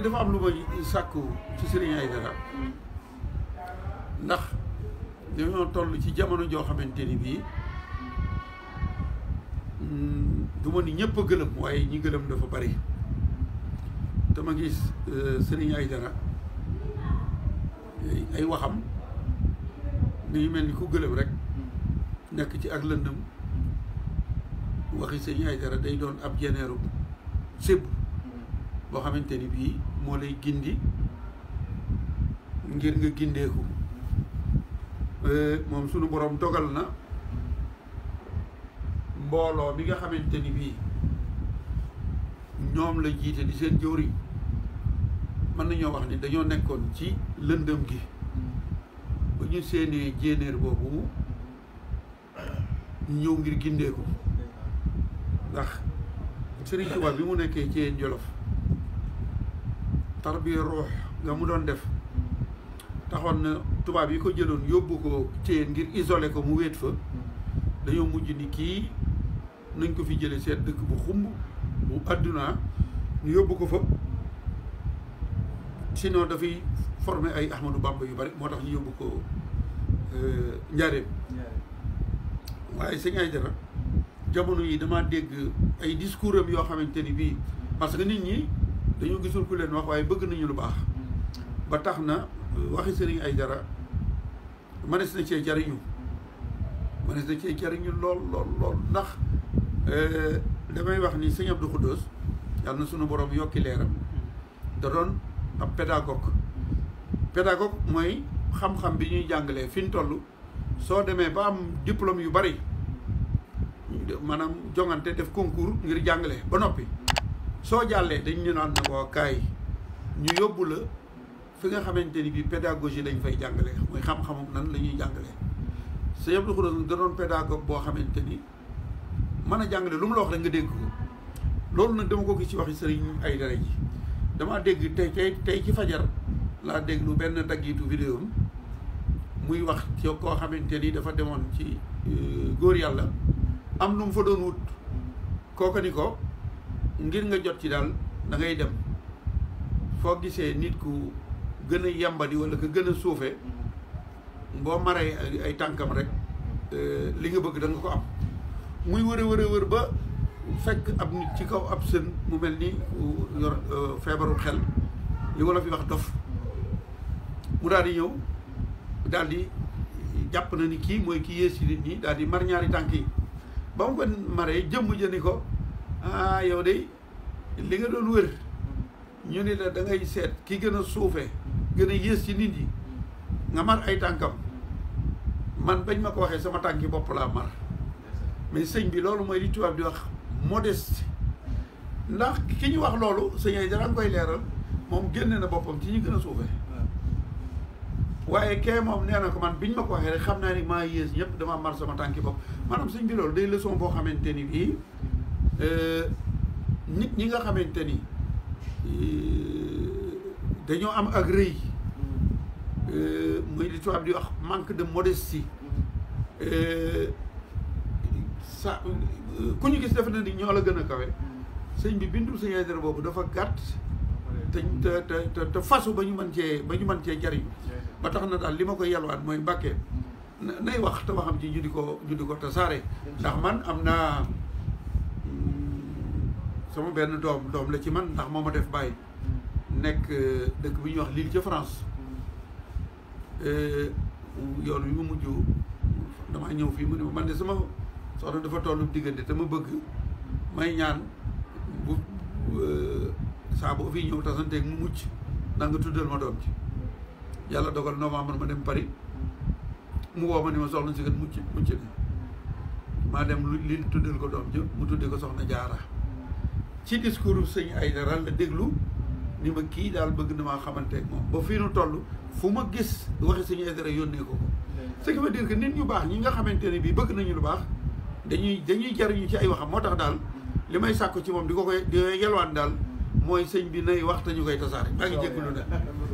dafa am lu may sàkku ci Serigne Aïdara ndax dañoo toll ci jamono joo xamante ni bii mm, du ma ni ñëpp a gëlëm waaye ñi gëlëm dafa bari te ma gis euh, Serigne Aïdara ay waxam mi ngi mel ni ku gëlëm rek nekk ci ak lëndëm waxi Serigne Aïdara day doon ab jeneeru sébb boo xamante ni bii moo lay gindi ngir nga gindeeku euh, moom sunu boroom dogal na mbooloo bi nga xamante ni bii ñoom la jiite di seen jëwriñ mën nañoo wax ni dañoo nekkoon ci lëndëm gi ba ñu seenee jéenéer boobu ñëw ngir gindeeku ndax Sëriñ Tuubaa bi mu nekkee ci Jolof tarbiya ruux nga mu doon def taxoon na tubaab yi ko jëloon yóbbu ko Thiel ngir isolé ko mu wéet fa dañoo mujj ni kii nañ ko fi jëlee seet dëkk bu xumb bu àdduna ñu yóbbu ko fa sinon dafay formé ay Ahmadou Bamba yu bari moo tax ñu yóbbu ko euh, Njaareem waaye sëñ Aydara jamono yi dama dégg ay discours am yoo xamante ni bii parce que nit ñi dañoo gisul ko leen wax waaye bëgg nañu lu baax ba tax na euh, waxi sëriñ ay dara mënees na cee jariñu mënees na cee jariñu lool lool lool ndax euh, damay wax ni sëñ Abdou Khoudous yàlla na sunu borom yokki leeram da doon ab pédagogue pédagogue mooy xam-xam bi ñuy jàngalee fi ñu toll soo demee ba am diplôme yu bari maanaam jongante def concours ngir jàngale ba noppi soo jàllee dañ ñu naan na ko kaay ñu yóbbu la fi nga xamante ni bii pédagogie lañ fay jàngale mooy xam-xamam nan la ñuy jàngalee sa yëpp lu da doon pédagogue boo xamante ni mën a jàngale lu mu la wax rek nga dégg ko loolu nag dama ko gis ci waxi sëriñ ay dara ji damaa dégg tey tey ci fajar laa dégg lu benn daggitu vidéo muy wax ci koo xamante ni dafa demoon ci euh, góor yàlla am nu mu fa doon wut kooka ko ngir nga jot ci daal dangay dem foo gisee nit ku gën a yambadi wala ko gën a suufe boo maree ay tànkam rek euh, li nga bëgg da ko am muy wër a wër a wër ba fekk ab nit ci kaw ab sën mu mel ni yor euh, feebaru xel li wolof yi wax dof mu daal di ñëw daal jàpp na ni kii mooy ki yées ci nit ñi daal di mar ñaari tànk yi ba mu ko maree jëmm jëni ko ah yow de li nga doon wër ñu ni la da ngay seet ki gën a suufee gën a yées ci nit yi nga mar ay tànkam man bañ ma ko waxee sama tànki bopp laa mar mais sëñ bi loolu mooy li tubaab di wax modeste ndax ki ñu wax loolu sëñ ay dara nga koy leeral moom génne na boppam ci ñu gën a suufee waaye kee moom nee na ko man biñ ma ko waxee rek xam naa ni maa yées ñëpp dama mar sama tànki bopp maanaam sëñ bi loolu day leçon boo xamante ni ii Euh, nit ñi nga xamante ni euh, dañoo am ak rëy euh, muy li tubaab di wax manque de modestie sa ku ñu gis defe na ni ñoo la gën a kawe sëñ bi bindul sëñ Aydara boobu dafa gàtt te te te te fasu ba ñu mën cee ba ñu mën cee jariñ ba tax na daal li ma koy yalwaat mooy mbàkkee nay wax te waxam ci ñu di ko ñu di ko tasaare ndax man am naa sama benn dom dom la ci man ndax moo ma def bàyyi nekk euh, dëkk bu ñuy wax Lille ca France euh, yoon wi mu mujj damaa ñëw fii ma man de sama soxna dafa tollu diggante te ma bëgg may ñaan bu euh, saa boo fii ñëw tasanteeg mu mucc ndax nga ma doom ci yàlla dogal novembre ma dem Paris mu woo ma ni ma soxna si kat mucc mucc na maa dem Lille tuddal ko doom ci mu tuddee ko soxna jaara ci discours sëñ Aydara la déglu ni ma kii daal bëgg na maa xamante ak moom ba fii nu toll fu ma gis waxi sëñ Aydara yónnee ko ko ce qui veut dire que nit ñu baax ñi nga xamante ne bii bëgg nañu lu baax dañuy dañuy jariñu ci ay waxam moo tax daal li may sàkku ci moom di ko koy di yelwaan daal mooy sëñ bi nay ñu koy tasaare maa ngi jégalu na